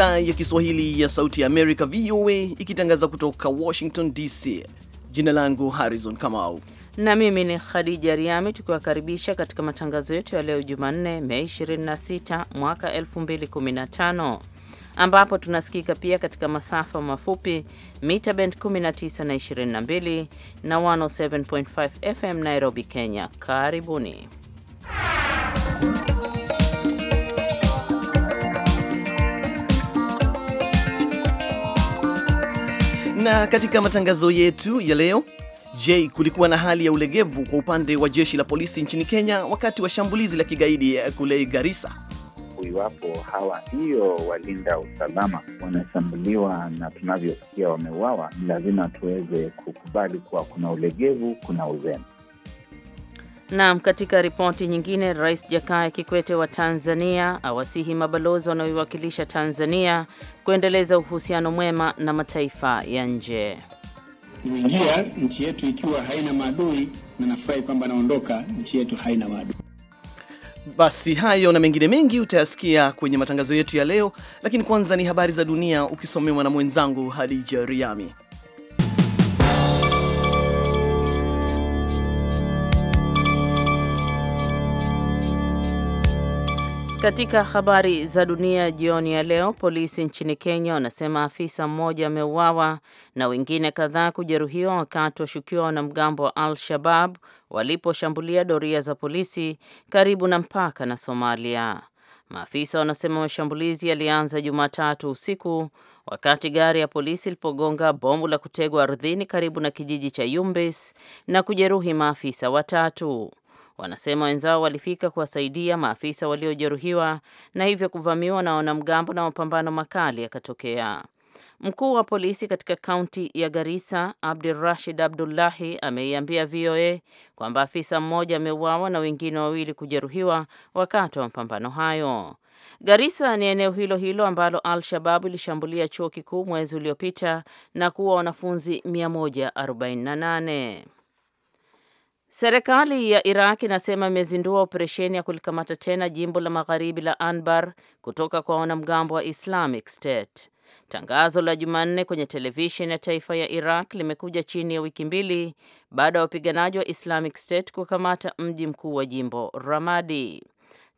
idhaa ya Kiswahili ya Sauti ya Amerika, VOA, ikitangaza kutoka Washington DC. Jina langu Harrison Kamau na mimi ni Khadija Riami, tukiwakaribisha katika matangazo yetu ya leo Jumanne, Mei 26 mwaka 2015 ambapo tunasikika pia katika masafa mafupi mita bend 19 na 22 na 107.5 FM Nairobi, Kenya. Karibuni Na katika matangazo yetu ya leo, je, kulikuwa na hali ya ulegevu kwa upande wa jeshi la polisi nchini Kenya wakati wa shambulizi la kigaidi eh, kule Garissa? Iwapo hawa hiyo walinda usalama wanashambuliwa na tunavyosikia wameuawa, ni lazima tuweze kukubali kuwa kuna ulegevu, kuna uzembe. Naam, katika ripoti nyingine, Rais Jakaya Kikwete wa Tanzania awasihi mabalozi wanaoiwakilisha Tanzania kuendeleza uhusiano mwema na mataifa ya nje. Nimeingia nchi yetu ikiwa haina maadui na nafurahi kwamba naondoka nchi yetu haina maadui. Basi hayo na mengine mengi utayasikia kwenye matangazo yetu ya leo, lakini kwanza ni habari za dunia ukisomewa na mwenzangu Hadija Riami. Katika habari za dunia jioni ya leo, polisi nchini Kenya wanasema afisa mmoja ameuawa na wengine kadhaa kujeruhiwa wakati washukiwa wanamgambo wa Al-Shabab waliposhambulia doria za polisi karibu na mpaka na Somalia. Maafisa wanasema mashambulizi yalianza Jumatatu usiku wakati gari ya polisi ilipogonga bomu la kutegwa ardhini karibu na kijiji cha Yumbis na kujeruhi maafisa watatu. Wanasema wenzao walifika kuwasaidia maafisa waliojeruhiwa na hivyo kuvamiwa na wanamgambo na mapambano makali yakatokea. Mkuu wa polisi katika kaunti ya Garissa, Abdul Rashid Abdullahi, ameiambia VOA kwamba afisa mmoja ameuawa na wengine wawili kujeruhiwa wakati wa mapambano hayo. Garissa ni eneo hilo hilo ambalo al shababu ilishambulia chuo kikuu mwezi uliopita na kuwa wanafunzi 148. Serikali ya Iraq inasema imezindua operesheni ya kulikamata tena jimbo la magharibi la Anbar kutoka kwa wanamgambo wa Islamic State. Tangazo la Jumanne kwenye televisheni ya taifa ya Iraq limekuja chini ya wiki mbili baada ya wapiganaji wa Islamic State kukamata mji mkuu wa jimbo Ramadi.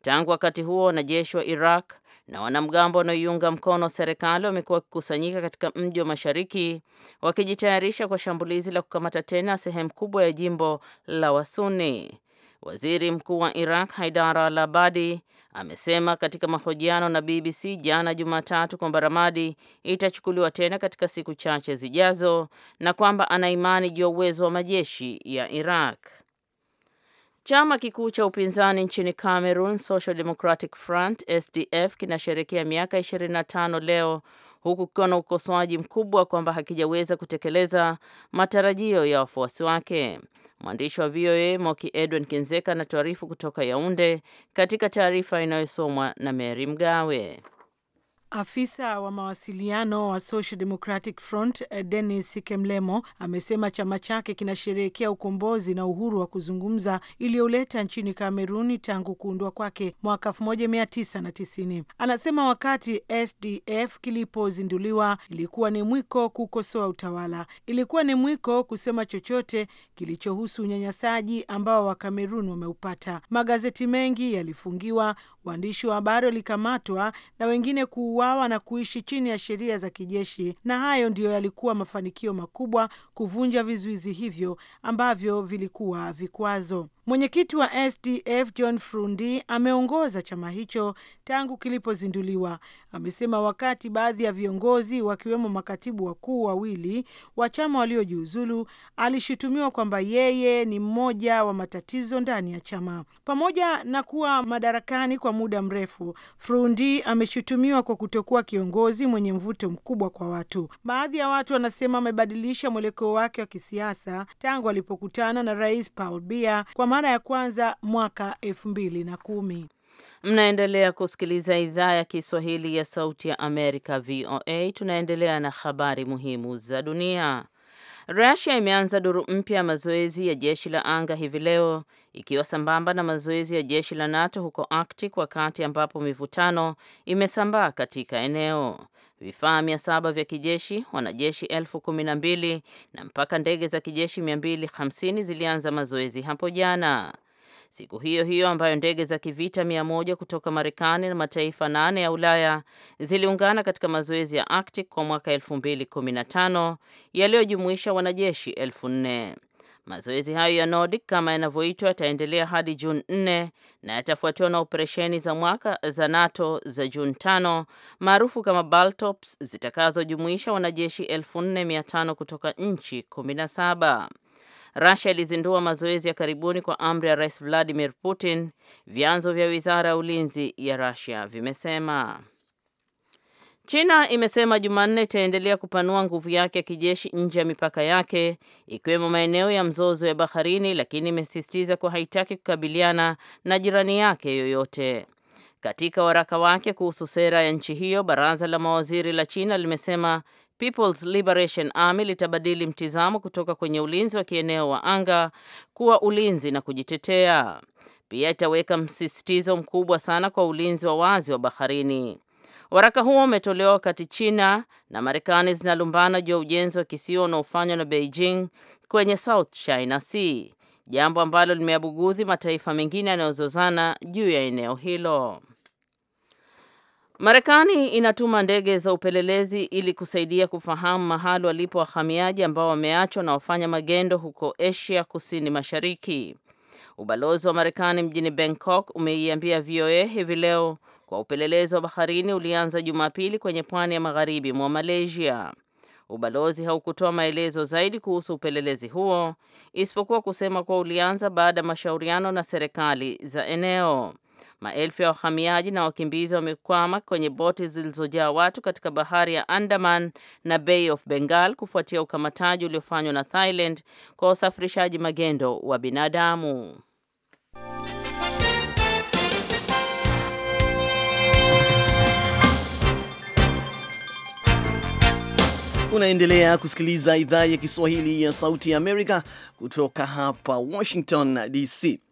Tangu wakati huo wanajeshi wa Iraq na wanamgambo wanaoiunga mkono serikali wamekuwa wakikusanyika katika mji wa mashariki wakijitayarisha kwa shambulizi la kukamata tena sehemu kubwa ya jimbo la Wasuni. Waziri Mkuu wa Iraq Haidar al-Abadi amesema katika mahojiano na BBC jana Jumatatu kwamba Ramadi itachukuliwa tena katika siku chache zijazo na kwamba ana imani juu ya uwezo wa majeshi ya Iraq. Chama kikuu cha upinzani nchini Cameroon, Social Democratic Front SDF, kinasherekea miaka 25 leo huku kukiwa na ukosoaji mkubwa kwamba hakijaweza kutekeleza matarajio ya wafuasi wake. Mwandishi wa VOA Moki Edwin Kinzeka anatuarifu kutoka Yaunde katika taarifa inayosomwa na Mary Mgawe. Afisa wa mawasiliano wa Social Democratic Front eh, Denis Kemlemo amesema chama chake kinasherehekea ukombozi na uhuru wa kuzungumza iliyoleta nchini Kameruni tangu kuundwa kwake mwaka 1990. Anasema wakati SDF kilipozinduliwa ilikuwa ni mwiko kukosoa utawala, ilikuwa ni mwiko kusema chochote kilichohusu unyanyasaji ambao Wakameruni wameupata. Magazeti mengi yalifungiwa, Waandishi wa habari walikamatwa na wengine kuuawa na kuishi chini ya sheria za kijeshi, na hayo ndiyo yalikuwa mafanikio makubwa kuvunja vizuizi hivyo ambavyo vilikuwa vikwazo. Mwenyekiti wa SDF John Frundi ameongoza chama hicho tangu kilipozinduliwa. Amesema wakati baadhi ya viongozi wakiwemo makatibu wakuu wawili wa chama waliojiuzulu, alishutumiwa kwamba yeye ni mmoja wa matatizo ndani ya chama. Pamoja na kuwa madarakani kwa muda mrefu. Frundi ameshutumiwa kwa kutokuwa kiongozi mwenye mvuto mkubwa kwa watu. Baadhi ya watu wanasema amebadilisha mwelekeo wake wa kisiasa tangu alipokutana na Rais Paul bia kwa mara ya kwanza mwaka elfu mbili na kumi. Mnaendelea kusikiliza idhaa ya Kiswahili ya Sauti ya Amerika, VOA. Tunaendelea na habari muhimu za dunia. Russia imeanza duru mpya ya mazoezi ya jeshi la anga hivi leo ikiwa sambamba na mazoezi ya jeshi la NATO huko Arctic wakati ambapo mivutano imesambaa katika eneo. Vifaa mia saba vya kijeshi, wanajeshi elfu kumi na mbili na mpaka ndege za kijeshi mia mbili hamsini zilianza mazoezi hapo jana. Siku hiyo hiyo ambayo ndege za kivita mia moja kutoka Marekani na mataifa nane ya Ulaya ziliungana katika mazoezi ya Arctic kwa mwaka 2015 yaliyojumuisha wanajeshi elfu nne. Mazoezi hayo ya Nordic kama yanavyoitwa yataendelea hadi Juni 4 na yatafuatiwa na operesheni za mwaka za NATO za Juni tano maarufu kama Baltops zitakazojumuisha wanajeshi 4500 kutoka nchi 17. Russia ilizindua mazoezi ya karibuni kwa amri ya Rais Vladimir Putin, vyanzo vya Wizara ya Ulinzi ya Russia vimesema. China imesema Jumanne itaendelea kupanua nguvu yake ya kijeshi nje ya mipaka yake ikiwemo maeneo ya mzozo ya baharini, lakini imesisitiza kuwa haitaki kukabiliana na jirani yake yoyote. Katika waraka wake kuhusu sera ya nchi hiyo, baraza la mawaziri la China limesema People's Liberation Army litabadili mtizamo kutoka kwenye ulinzi wa kieneo wa anga kuwa ulinzi na kujitetea. Pia itaweka msisitizo mkubwa sana kwa ulinzi wa wazi wa baharini. Waraka huo umetolewa wakati China na Marekani zinalumbana juu ya ujenzi wa kisiwa unaofanywa na Beijing kwenye South China Sea, jambo ambalo limeabugudhi mataifa mengine yanayozozana juu ya eneo hilo. Marekani inatuma ndege za upelelezi ili kusaidia kufahamu mahali walipo wahamiaji ambao wameachwa na wafanya magendo huko Asia Kusini Mashariki. Ubalozi wa Marekani mjini Bangkok umeiambia VOA hivi leo kwa upelelezi wa baharini ulianza Jumapili kwenye pwani ya magharibi mwa Malaysia. Ubalozi haukutoa maelezo zaidi kuhusu upelelezi huo isipokuwa kusema kuwa ulianza baada ya mashauriano na serikali za eneo. Maelfu ya wahamiaji na wakimbizi wamekwama kwenye boti zilizojaa watu katika bahari ya Andaman na Bay of Bengal kufuatia ukamataji uliofanywa na Thailand kwa usafirishaji magendo wa binadamu. Unaendelea kusikiliza idhaa ya Kiswahili ya Sauti ya Amerika kutoka hapa Washington DC.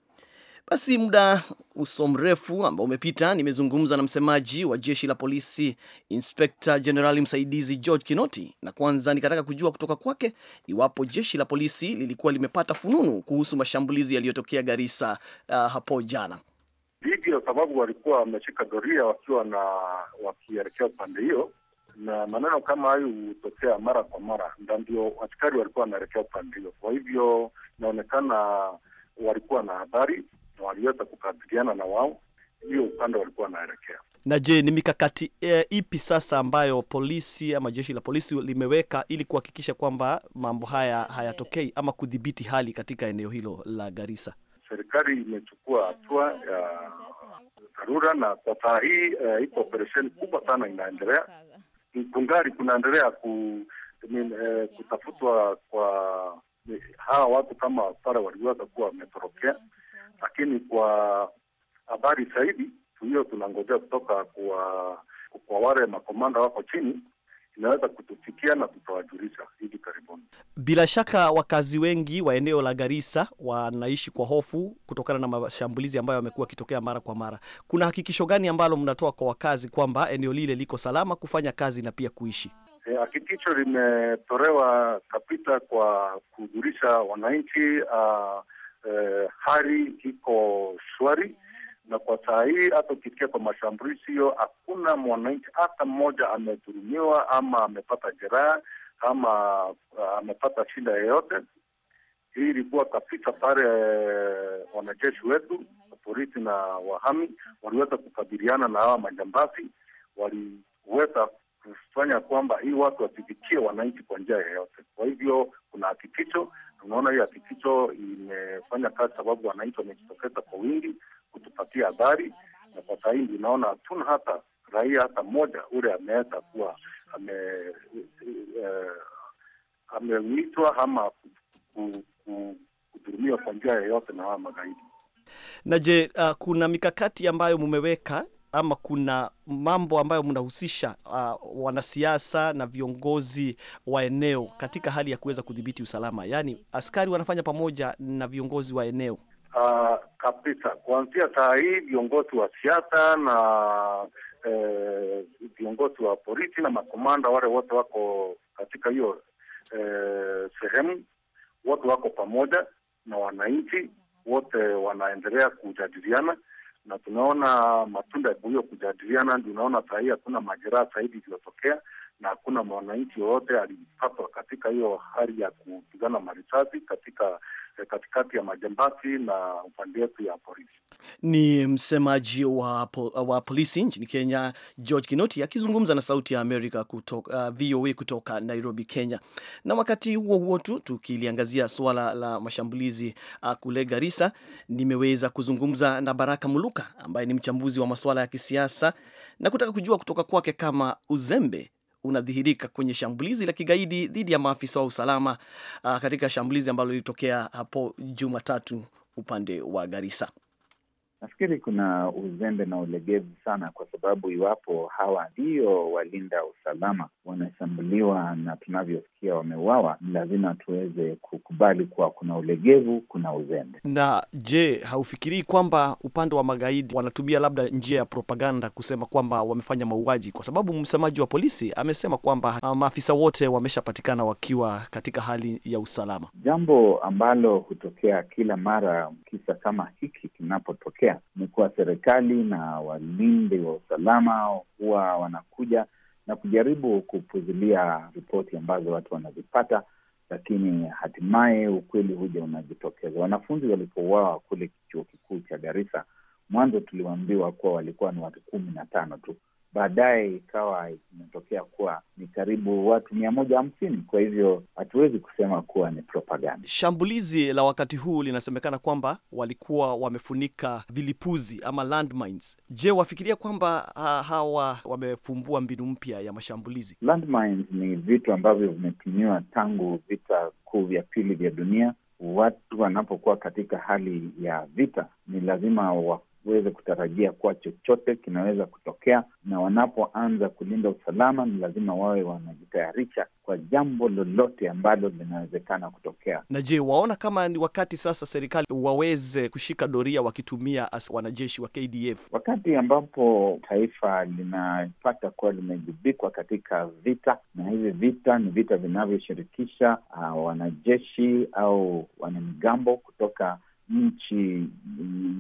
Basi muda uso mrefu ambao umepita, nimezungumza na msemaji wa jeshi la polisi Inspekta Jenerali msaidizi George Kinoti, na kwanza nikataka kujua kutoka kwake iwapo jeshi la polisi lilikuwa limepata fununu kuhusu mashambulizi yaliyotokea Garissa uh, hapo jana. Hivyo sababu walikuwa wameshika doria wakiwa na wakielekea upande hiyo, na maneno kama hayo hutokea mara kwa mara, na ndio askari walikuwa wanaelekea upande hiyo. Kwa hivyo inaonekana walikuwa na habari na waliweza kukabiliana na wao, hiyo upande walikuwa wanaelekea. Na je, ni mikakati e, ipi sasa ambayo polisi ama jeshi la polisi limeweka ili kuhakikisha kwamba mambo haya hayatokei ama kudhibiti hali katika eneo hilo la Garissa? Serikali imechukua hatua ya dharura, na kwa saa hii uh, ipo operesheni kubwa sana inaendelea. Kungali kunaendelea ku, eh, kutafutwa kwa eh, hawa watu kama pale waliweza kuwa wametorokea lakini kwa habari zaidi hiyo tunangojea kutoka kwa kwa wale makomanda wako chini inaweza kutufikia na tutawajulisha hivi karibuni. Bila shaka wakazi wengi wa eneo la Garissa wanaishi kwa hofu kutokana na mashambulizi ambayo yamekuwa akitokea mara kwa mara. Kuna hakikisho gani ambalo mnatoa kwa wakazi kwamba eneo lile liko salama kufanya kazi na pia kuishi? E, hakikisho limetolewa kapita kwa kujulisha wananchi uh, eh, hali iko shwari na kwa saa hii hata ukifikia kwa mashambulizi hiyo, hakuna mwananchi hata mmoja amedhulumiwa ama amepata jeraha ama eh, amepata shida yoyote. Hii ilikuwa kabisa pale eh, wanajeshi wetu polisi na wahami waliweza kukabiliana na hawa majambazi, waliweza kufanya kwamba hii watu wasifikie wananchi kwa njia yoyote. Kwa hivyo kuna hakikisho Tunaona hiyo atikicho imefanya kazi, sababu wananchi wamejitokeza kwa wingi kutupatia habari, na kwa saa hii hatuna hata raia hata mmoja ule ameweza kuwa ame uh, ama kudhurumiwa kwa njia yoyote na hawa magaidi. Na je, uh, kuna mikakati ambayo mumeweka ama kuna mambo ambayo mnahusisha uh, wanasiasa na viongozi wa eneo katika hali ya kuweza kudhibiti usalama, yaani askari wanafanya pamoja na viongozi wa eneo uh, kabisa. Kuanzia saa hii viongozi wa siasa na eh, viongozi wa polisi na makomanda wale wote wako katika hiyo eh, sehemu, wote wako pamoja na wananchi wote wanaendelea kujadiliana na tunaona matunda ya kujadiliana, ndio unaona sahii hakuna majeraha zaidi iliyotokea, na hakuna mwananchi wowote alipatwa katika hiyo hali ya kupigana marisasi katika eh, katikati ya majambazi na upande wetu ya polisi. Ni msemaji wa, pol, wa polisi nchini Kenya George Kinoti akizungumza na Sauti ya Amerika kutoka, uh, VOA kutoka Nairobi, Kenya. Na wakati huo huo tu tukiliangazia suala la mashambulizi uh, kule Garissa, nimeweza kuzungumza na Baraka Muluka ambaye ni mchambuzi wa masuala ya kisiasa na kutaka kujua kutoka kwake kama uzembe unadhihirika kwenye shambulizi la kigaidi dhidi ya maafisa wa usalama uh, katika shambulizi ambalo lilitokea hapo Jumatatu upande wa Garissa. Nafikiri kuna uzembe na ulegevu sana, kwa sababu iwapo hawa ndio walinda usalama wanashambuliwa na tunavyosikia wameuawa, ni lazima tuweze kukubali kuwa kuna ulegevu, kuna uzembe. Na je, haufikirii kwamba upande wa magaidi wanatumia labda njia ya propaganda kusema kwamba wamefanya mauaji? Kwa sababu msemaji wa polisi amesema kwamba ah, maafisa wote wameshapatikana wakiwa katika hali ya usalama, jambo ambalo hutokea kila mara kisa kama hiki kinapotokea kuendelea ni kuwa serikali na walinde wa usalama huwa wanakuja na kujaribu kupuzilia ripoti ambazo watu wanazipata, lakini hatimaye ukweli huja unajitokeza. Wanafunzi walipouawa kule chuo kikuu cha garisa mwanzo tuliwambiwa kuwa walikuwa ni watu kumi na tano tu, baadaye ikawa imetokea kuwa ni karibu watu mia moja hamsini. Kwa hivyo hatuwezi kusema kuwa ni propaganda. Shambulizi la wakati huu linasemekana kwamba walikuwa wamefunika vilipuzi ama landmines. Je, wafikiria kwamba ha, hawa wamefumbua mbinu mpya ya mashambulizi? Landmines ni vitu ambavyo vimetumiwa tangu vita kuu vya pili vya dunia. Watu wanapokuwa katika hali ya vita, ni lazima wa waweze kutarajia kuwa chochote kinaweza kutokea, na wanapoanza kulinda usalama, ni lazima wawe wanajitayarisha kwa jambo lolote ambalo linawezekana kutokea. Na je, waona kama ni wakati sasa serikali waweze kushika doria wakitumia wanajeshi wa KDF wakati ambapo taifa linapata kuwa limejibikwa katika vita, na hivi vita ni vita vinavyoshirikisha uh, wanajeshi au wanamgambo kutoka nchi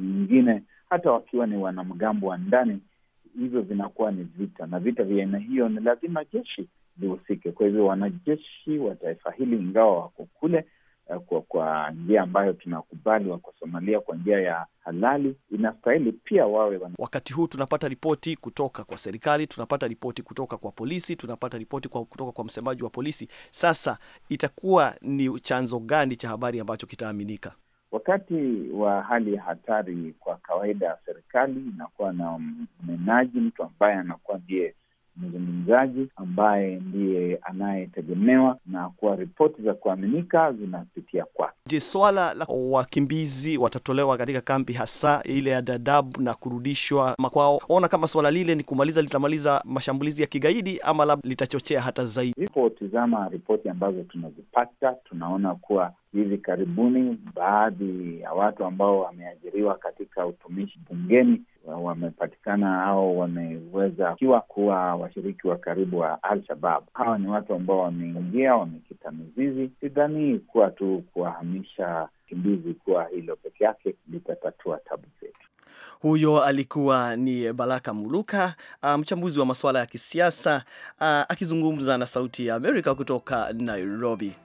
nyingine hata wakiwa ni wanamgambo wa ndani, hizo zinakuwa ni vita, na vita vya aina hiyo ni lazima jeshi lihusike. Kwa hivyo wanajeshi wa taifa hili, ingawa wako kule eh, kwa, kwa njia ambayo tunakubali wako Somalia kwa njia ya halali, inastahili pia wawe wana. Wakati huu tunapata ripoti kutoka kwa serikali, tunapata ripoti kutoka kwa polisi, tunapata ripoti kwa, kutoka kwa msemaji wa polisi. Sasa itakuwa ni chanzo gani cha habari ambacho kitaaminika? Wakati wa hali ya hatari, kwa kawaida serikali inakuwa na mnenaji, mtu ambaye anakuwa ndiye mzungumzaji ambaye ndiye anayetegemewa na kuwa ripoti za kuaminika zinapitia kwake. Je, swala la wakimbizi watatolewa katika kambi hasa ile ya Dadaab na kurudishwa makwao, waona kama swala lile ni kumaliza litamaliza mashambulizi ya kigaidi ama labda litachochea hata zaidi? tizama ripoti ambazo tunazipata, tunaona kuwa hivi karibuni baadhi ya watu ambao wameajiriwa katika utumishi bungeni wamepatikana au wameweza kiwa kuwa washiriki wa karibu wa Al-Shabab. Hawa ni watu ambao wameingia, wamekita mizizi. Sidhani kuwa tu kuwahamisha wakimbizi kuwa hilo peke yake litatatua tabu zetu. Huyo alikuwa ni Baraka Muluka, ah, mchambuzi wa masuala ya kisiasa, ah, akizungumza na Sauti ya Amerika kutoka Nairobi.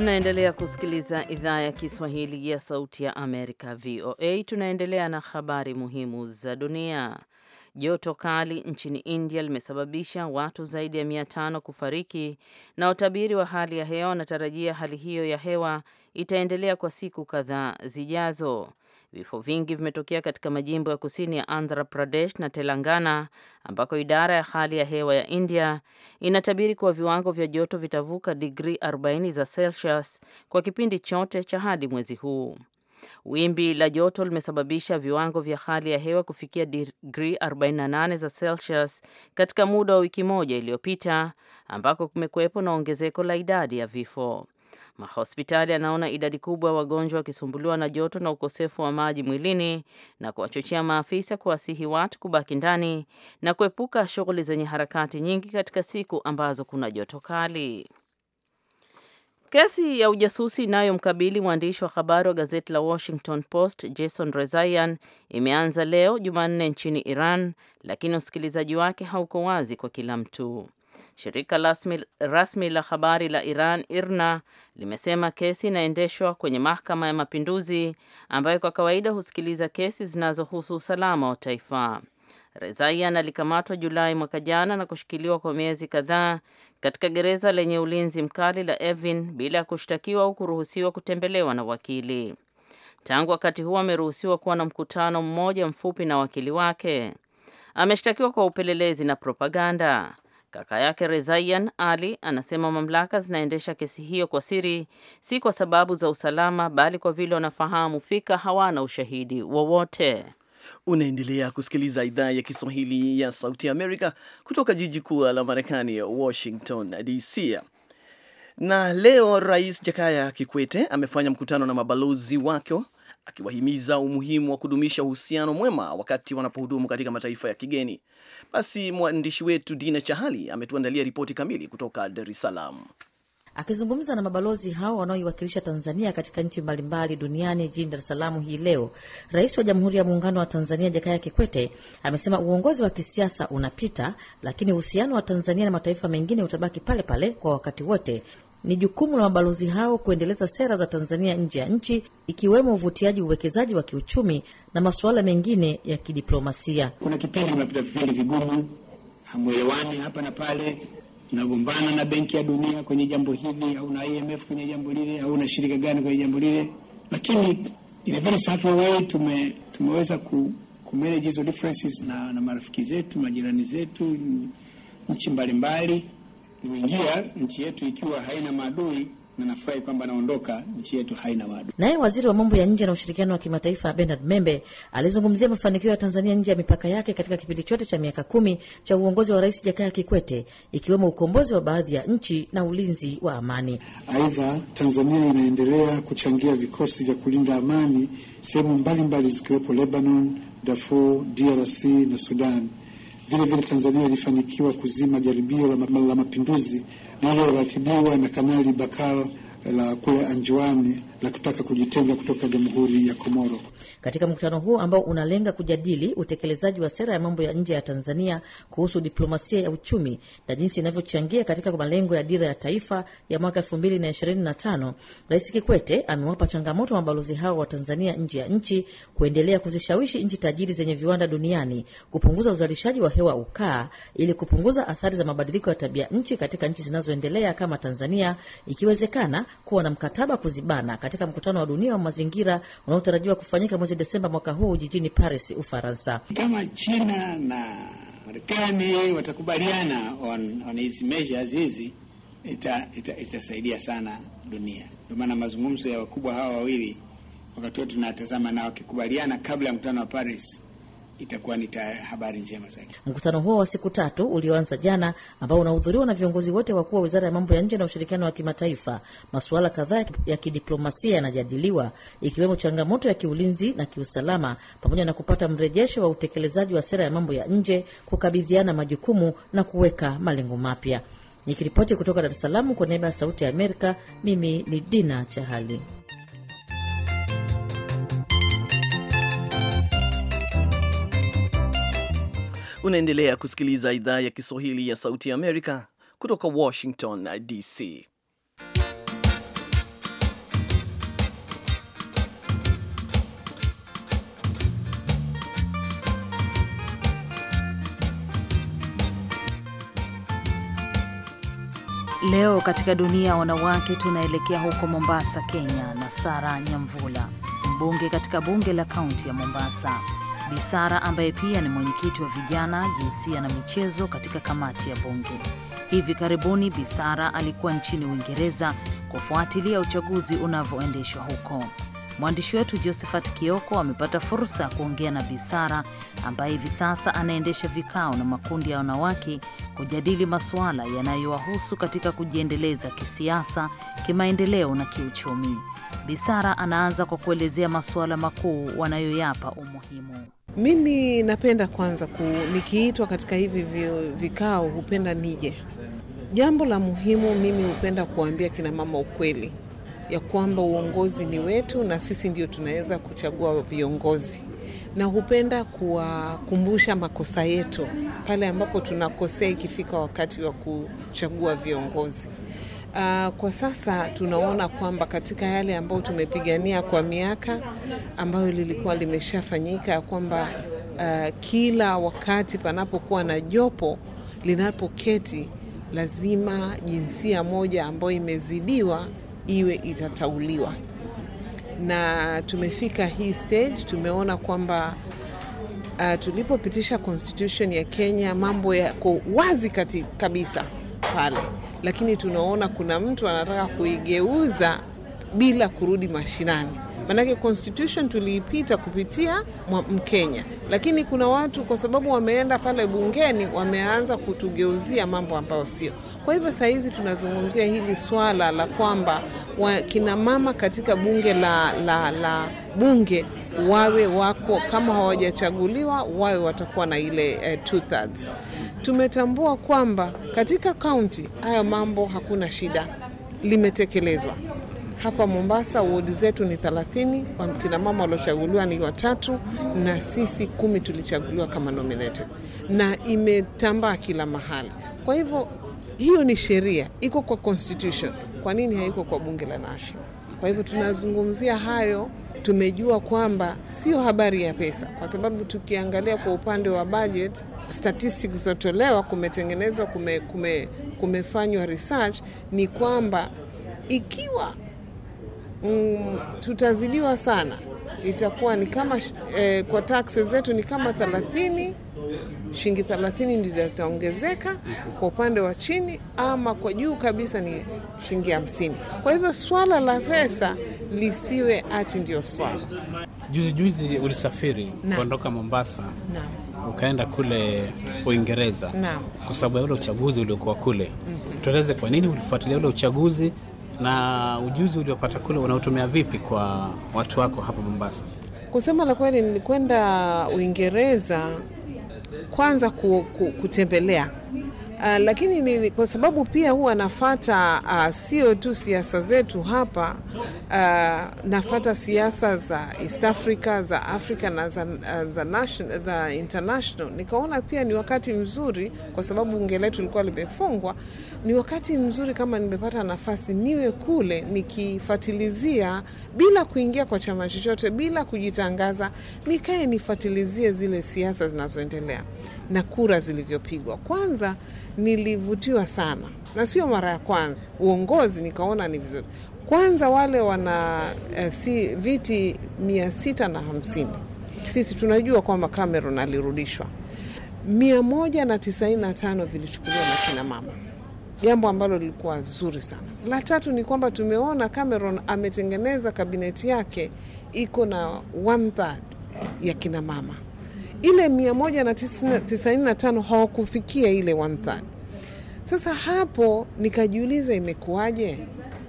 Mnaendelea kusikiliza idhaa ya Kiswahili ya Sauti ya Amerika, VOA. Tunaendelea na habari muhimu za dunia. Joto kali nchini India limesababisha watu zaidi ya mia tano kufariki na watabiri wa hali ya hewa wanatarajia hali hiyo ya hewa itaendelea kwa siku kadhaa zijazo. Vifo vingi vimetokea katika majimbo ya kusini ya Andhra Pradesh na Telangana ambako idara ya hali ya hewa ya India inatabiri kuwa viwango vya joto vitavuka digrii 40 za Celsius kwa kipindi chote cha hadi mwezi huu. Wimbi la joto limesababisha viwango vya hali ya hewa kufikia digrii 48 za Celsius katika muda wa wiki moja iliyopita ambako kumekuwepo na ongezeko la idadi ya vifo. Mahospitali yanaona idadi kubwa ya wagonjwa wakisumbuliwa na joto na ukosefu wa maji mwilini na kuwachochea maafisa kuwasihi watu kubaki ndani na kuepuka shughuli zenye harakati nyingi katika siku ambazo kuna joto kali. Kesi ya ujasusi inayomkabili mwandishi wa habari wa gazeti la Washington Post Jason Rezaian imeanza leo Jumanne nchini Iran, lakini usikilizaji wake hauko wazi kwa kila mtu. Shirika rasmi, rasmi la habari la Iran IRNA limesema kesi inaendeshwa kwenye mahakama ya mapinduzi ambayo kwa kawaida husikiliza kesi zinazohusu usalama wa taifa. Rezaian alikamatwa Julai mwaka jana na kushikiliwa kwa miezi kadhaa katika gereza lenye ulinzi mkali la Evin bila ya kushtakiwa au kuruhusiwa kutembelewa na wakili. Tangu wakati huo ameruhusiwa kuwa na mkutano mmoja mfupi na wakili wake. Ameshtakiwa kwa upelelezi na propaganda. Kaka yake Rezaian Ali anasema mamlaka zinaendesha kesi hiyo kwa siri, si kwa sababu za usalama, bali kwa vile wanafahamu fika hawana ushahidi wowote. Unaendelea kusikiliza idhaa ya Kiswahili ya Sauti ya Amerika kutoka jiji kuu la Marekani, Washington DC. Na leo Rais Jakaya Kikwete amefanya mkutano na mabalozi wake akiwahimiza umuhimu wa kudumisha uhusiano mwema wakati wanapohudumu katika mataifa ya kigeni. Basi mwandishi wetu Dina Chahali ametuandalia ripoti kamili kutoka Dar es Salaam. Akizungumza na mabalozi hao wanaoiwakilisha Tanzania katika nchi mbalimbali duniani jijini Dar es Salaam hii leo, Rais wa Jamhuri ya Muungano wa Tanzania Jakaya Kikwete amesema uongozi wa kisiasa unapita, lakini uhusiano wa Tanzania na mataifa mengine utabaki pale pale kwa wakati wote, ni jukumu la mabalozi hao kuendeleza sera za Tanzania nje ya nchi, ikiwemo uvutiaji uwekezaji wa kiuchumi na masuala mengine ya kidiplomasia. Kuna kipindi mnapita vipindi vigumu, hamwelewani hapa na pale, mnagombana na Benki ya Dunia kwenye jambo hili au na IMF kwenye jambo lile au na shirika gani kwenye jambo lile, lakini inabidi sasa tume, tumeweza ku kumanage hizo differences na, na marafiki zetu majirani zetu nchi mbalimbali Nimeingia nchi yetu ikiwa haina maadui na nafurahi kwamba naondoka nchi yetu haina maadui. Naye waziri wa mambo ya nje na ushirikiano wa kimataifa Bernard Membe alizungumzia mafanikio ya Tanzania nje ya mipaka yake katika kipindi chote cha miaka kumi cha uongozi wa Rais Jakaya Kikwete, ikiwemo ukombozi wa baadhi ya nchi na ulinzi wa amani. Aidha, Tanzania inaendelea kuchangia vikosi vya kulinda amani sehemu mbalimbali zikiwepo Lebanon, Darfur, DRC na Sudan vile vile Tanzania ilifanikiwa kuzima jaribio la mapinduzi lililoratibiwa na Kanali Bakar eh, la kule Anjuani la kutaka kujitenga kutoka Jamhuri ya Komoro. Katika mkutano huo ambao unalenga kujadili utekelezaji wa sera ya mambo ya nje ya Tanzania kuhusu diplomasia ya uchumi na jinsi inavyochangia katika malengo ya dira ya taifa ya mwaka elfu mbili na ishirini na tano, Rais Kikwete amewapa changamoto mabalozi hao wa Tanzania nje ya nchi kuendelea kuzishawishi nchi tajiri zenye viwanda duniani kupunguza uzalishaji wa hewa ukaa ili kupunguza athari za mabadiliko ya tabia nchi katika nchi zinazoendelea kama Tanzania, ikiwezekana kuwa na mkataba kuzibana katika mkutano wa dunia wa mazingira unaotarajiwa kufanyika mwezi Desemba mwaka huu jijini Paris, Ufaransa. Kama China na Marekani watakubaliana on, on hizi measures hizi itasaidia ita, ita sana dunia. Ndio maana mazungumzo ya wakubwa hawa wawili wakati wote tunatazama na wakikubaliana kabla ya mkutano wa Paris itakuwa ni habari njema sana. Mkutano huo wa siku tatu ulioanza jana, ambao unahudhuriwa na viongozi wote wakuu wa wizara ya mambo ya nje na ushirikiano wa kimataifa, masuala kadhaa ya kidiplomasia yanajadiliwa, ikiwemo changamoto ya kiulinzi na kiusalama pamoja na kupata mrejesho wa utekelezaji wa sera ya mambo ya nje, kukabidhiana majukumu na kuweka malengo mapya. Nikiripoti kutoka Dar es Salaam kwa niaba ya Sauti ya Amerika, mimi ni Dina Chahali. Unaendelea kusikiliza idhaa ya Kiswahili ya Sauti ya Amerika kutoka Washington DC. Leo katika dunia ya wanawake tunaelekea huko Mombasa, Kenya, na Sara Nyamvula, mbunge katika bunge la kaunti ya Mombasa Bisara ambaye pia ni mwenyekiti wa vijana, jinsia na michezo katika kamati ya bunge. Hivi karibuni Bisara alikuwa nchini Uingereza kufuatilia uchaguzi unavyoendeshwa huko. Mwandishi wetu Josephat Kioko amepata fursa ya kuongea na Bisara ambaye hivi sasa anaendesha vikao na makundi ya wanawake kujadili masuala yanayowahusu katika kujiendeleza kisiasa, kimaendeleo na kiuchumi. Bisara anaanza kwa kuelezea masuala makuu wanayoyapa umuhimu. Mimi napenda kwanza ku, nikiitwa katika hivi vikao hupenda nije. Jambo la muhimu, mimi hupenda kuwaambia kina mama ukweli ya kwamba uongozi ni wetu na sisi ndio tunaweza kuchagua viongozi, na hupenda kuwakumbusha makosa yetu pale ambapo tunakosea ikifika wakati wa kuchagua viongozi. Uh, kwa sasa tunaona kwamba katika yale ambayo tumepigania kwa miaka ambayo lilikuwa limeshafanyika ya kwamba uh, kila wakati panapokuwa na jopo linapoketi lazima jinsia moja ambayo imezidiwa iwe itatauliwa, na tumefika hii stage, tumeona kwamba uh, tulipopitisha constitution ya Kenya mambo yako wazi kati kabisa pale lakini tunaona kuna mtu anataka kuigeuza bila kurudi mashinani. Manake constitution tuliipita kupitia Mkenya, lakini kuna watu kwa sababu wameenda pale bungeni wameanza kutugeuzia mambo ambayo sio. Kwa hivyo sahizi tunazungumzia hili swala la kwamba kina mama katika bunge la, la, la bunge wawe wako kama hawajachaguliwa wawe watakuwa na ile eh, two thirds tumetambua kwamba katika kaunti haya mambo hakuna shida, limetekelezwa hapa Mombasa wodi zetu ni thelathini. kinamama waliochaguliwa ni watatu, na sisi kumi tulichaguliwa kama nominated, na imetambaa kila mahali. Kwa hivyo hiyo ni sheria, iko kwa constitution. Kwa nini haiko kwa bunge la national? Kwa hivyo tunazungumzia hayo. Tumejua kwamba sio habari ya pesa, kwa sababu tukiangalia kwa upande wa budget statistics zilizotolewa, kumetengenezwa, kume, kume, kumefanywa research, ni kwamba ikiwa mm, tutazidiwa sana itakuwa ni kama eh, kwa taxes zetu ni kama 30 shilingi 30 ndio zitaongezeka kwa upande wa chini, ama kwa juu kabisa ni shilingi hamsini. Kwa hivyo swala la pesa lisiwe ati ndio swala. Juzi juzi ulisafiri kuondoka Mombasa na ukaenda kule Uingereza kwa sababu ya ule uchaguzi uliokuwa kule mm-hmm. Tueleze kwa nini ulifuatilia ule uchaguzi na ujuzi uliopata kule unautumia vipi kwa watu wako hapa Mombasa? Kusema la kweli, nilikwenda Uingereza kwanza ku, ku, kutembelea Uh, lakini ni, kwa sababu pia huwa nafata uh, sio tu siasa zetu hapa uh, nafata siasa za East Africa za Africa na za, uh, za, national, za international. Nikaona pia ni wakati mzuri, kwa sababu bunge letu lilikuwa limefungwa, ni wakati mzuri kama nimepata nafasi niwe kule nikifatilizia bila kuingia kwa chama chochote, bila kujitangaza, nikae nifatilizie zile siasa zinazoendelea na kura zilivyopigwa kwanza nilivutiwa sana, na sio mara ya kwanza. Uongozi nikaona ni vizuri. Kwanza wale wana eh, si, viti mia sita na hamsini sisi tunajua kwamba Cameron alirudishwa mia moja na tisaini na tano vilichukuliwa na kina mama, jambo ambalo lilikuwa zuri sana. La tatu ni kwamba tumeona Cameron ametengeneza kabineti yake iko na one third ya kina mama ile 195 hawakufikia ile one Sasa hapo nikajiuliza imekuwaje?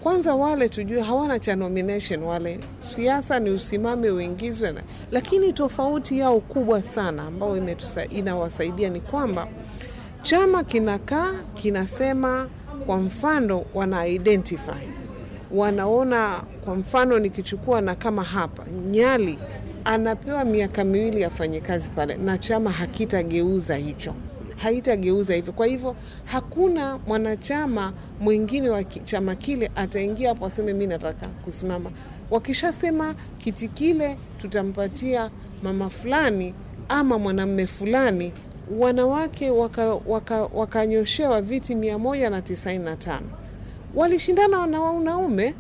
Kwanza wale tujue hawana cha nomination, wale siasa ni usimame uingizwe lakini tofauti yao kubwa sana ambayo inawasaidia ni kwamba chama kinakaa kinasema, kwa mfano wana identify, wanaona kwa mfano nikichukua na kama hapa Nyali anapewa miaka miwili afanye kazi pale, na chama hakitageuza hicho haitageuza hivyo. Kwa hivyo hakuna mwanachama mwingine wa chama kile ataingia hapo aseme mi nataka kusimama. Wakishasema kiti kile tutampatia mama fulani ama mwanamme fulani, wanawake wakanyoshewa waka, waka viti mia moja na tisaini na tano walishindana na wanaume,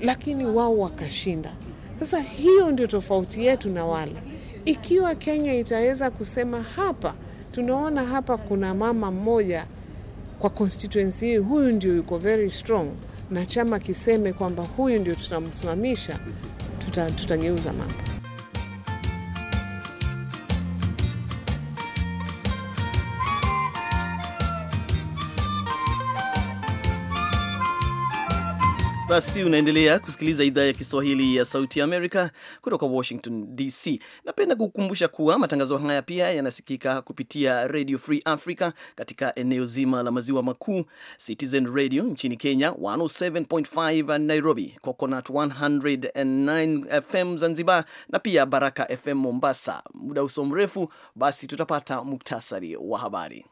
lakini wao wakashinda. Sasa hiyo ndio tofauti yetu na wale. Ikiwa Kenya itaweza kusema hapa, tunaona hapa kuna mama mmoja kwa constituency hii, huyu ndio yuko very strong, na chama kiseme kwamba huyu ndio tutamsimamisha, tutageuza tuta mambo. Basi unaendelea kusikiliza idhaa ya Kiswahili ya Sauti ya Amerika kutoka Washington DC. Napenda kukumbusha kuwa matangazo haya pia yanasikika kupitia Radio Free Africa katika eneo zima la maziwa makuu, Citizen Radio nchini Kenya 107.5 Nairobi, Coconut 109 FM Zanzibar, na pia Baraka FM Mombasa. Muda uso mrefu, basi tutapata muktasari wa habari.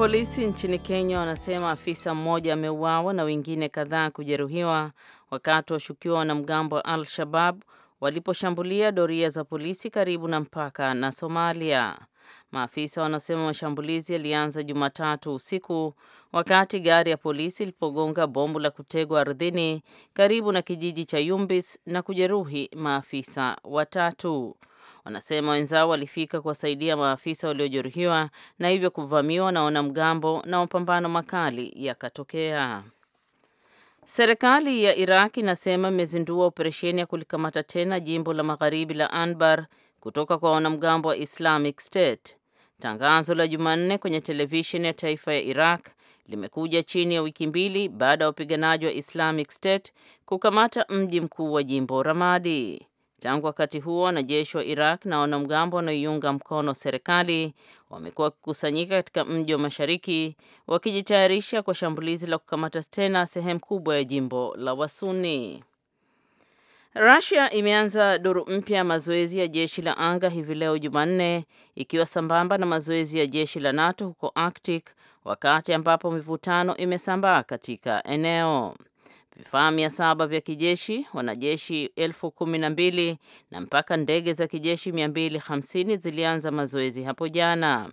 Polisi nchini Kenya wanasema afisa mmoja ameuawa na wengine kadhaa kujeruhiwa wakati washukiwa wanamgambo wa Al-Shabab waliposhambulia doria za polisi karibu na mpaka na Somalia. Maafisa wanasema mashambulizi yalianza Jumatatu usiku wakati gari ya polisi ilipogonga bomu la kutegwa ardhini karibu na kijiji cha Yumbis na kujeruhi maafisa watatu. Wanasema wenzao walifika kuwasaidia maafisa waliojeruhiwa na hivyo kuvamiwa na wanamgambo na mapambano makali yakatokea. Serikali ya Iraq inasema imezindua operesheni ya kulikamata tena jimbo la magharibi la Anbar kutoka kwa wanamgambo wa Islamic State. Tangazo la Jumanne kwenye televisheni ya taifa ya Iraq limekuja chini ya wiki mbili baada ya wapiganaji wa Islamic State kukamata mji mkuu wa jimbo Ramadi. Tangu wakati huo wanajeshi wa Iraq na wanamgambo wanaoiunga mkono serikali wamekuwa wakikusanyika katika mji wa mashariki wakijitayarisha kwa shambulizi la kukamata tena sehemu kubwa ya jimbo la Wasuni. Russia imeanza duru mpya ya mazoezi ya jeshi la anga hivi leo Jumanne, ikiwa sambamba na mazoezi ya jeshi la NATO huko Arctic, wakati ambapo mivutano imesambaa katika eneo vifaa mia saba vya kijeshi, wanajeshi elfu kumi na mbili na mpaka ndege za kijeshi 250 zilianza mazoezi hapo jana.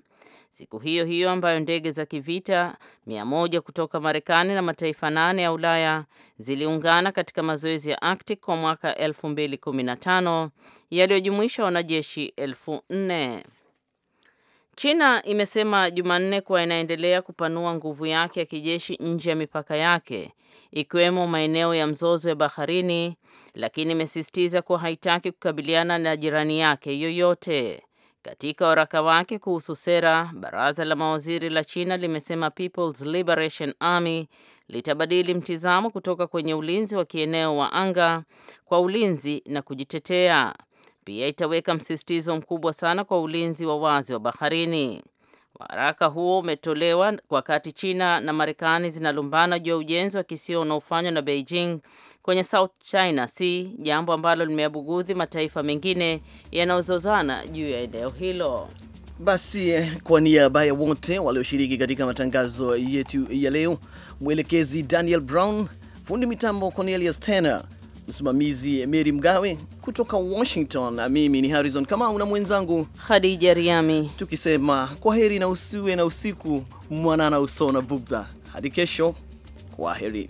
Siku hiyo hiyo ambayo ndege za kivita mia moja kutoka Marekani na mataifa nane ya Ulaya ziliungana katika mazoezi ya Arctic kwa mwaka 2015 yaliyojumuisha wanajeshi elfu nne. China imesema Jumanne kuwa inaendelea kupanua nguvu yake ya kijeshi nje ya mipaka yake ikiwemo maeneo ya mzozo ya baharini, lakini imesisitiza kuwa haitaki kukabiliana na jirani yake yoyote. Katika waraka wake kuhusu sera, baraza la mawaziri la China limesema People's Liberation Army litabadili mtizamo kutoka kwenye ulinzi wa kieneo wa anga kwa ulinzi na kujitetea. Pia itaweka msisitizo mkubwa sana kwa ulinzi wa wazi wa baharini. Waraka huo umetolewa wakati China na Marekani zinalumbana juu ya ujenzi wa kisio unaofanywa na Beijing kwenye South China Sea, jambo ambalo limeabugudhi mataifa mengine yanayozozana juu ya eneo hilo. Basi eh, kwa niaba ya wote walioshiriki katika matangazo yetu ya leo, mwelekezi Daniel Brown, fundi mitambo Cornelius Tanner msimamizi Mary Mgawe kutoka Washington, na mimi ni Harrison Kamau na mwenzangu Khadija Riami, tukisema kwa heri na usiwe na usiku mwanana usona bugdha. Hadi kesho, kwa heri.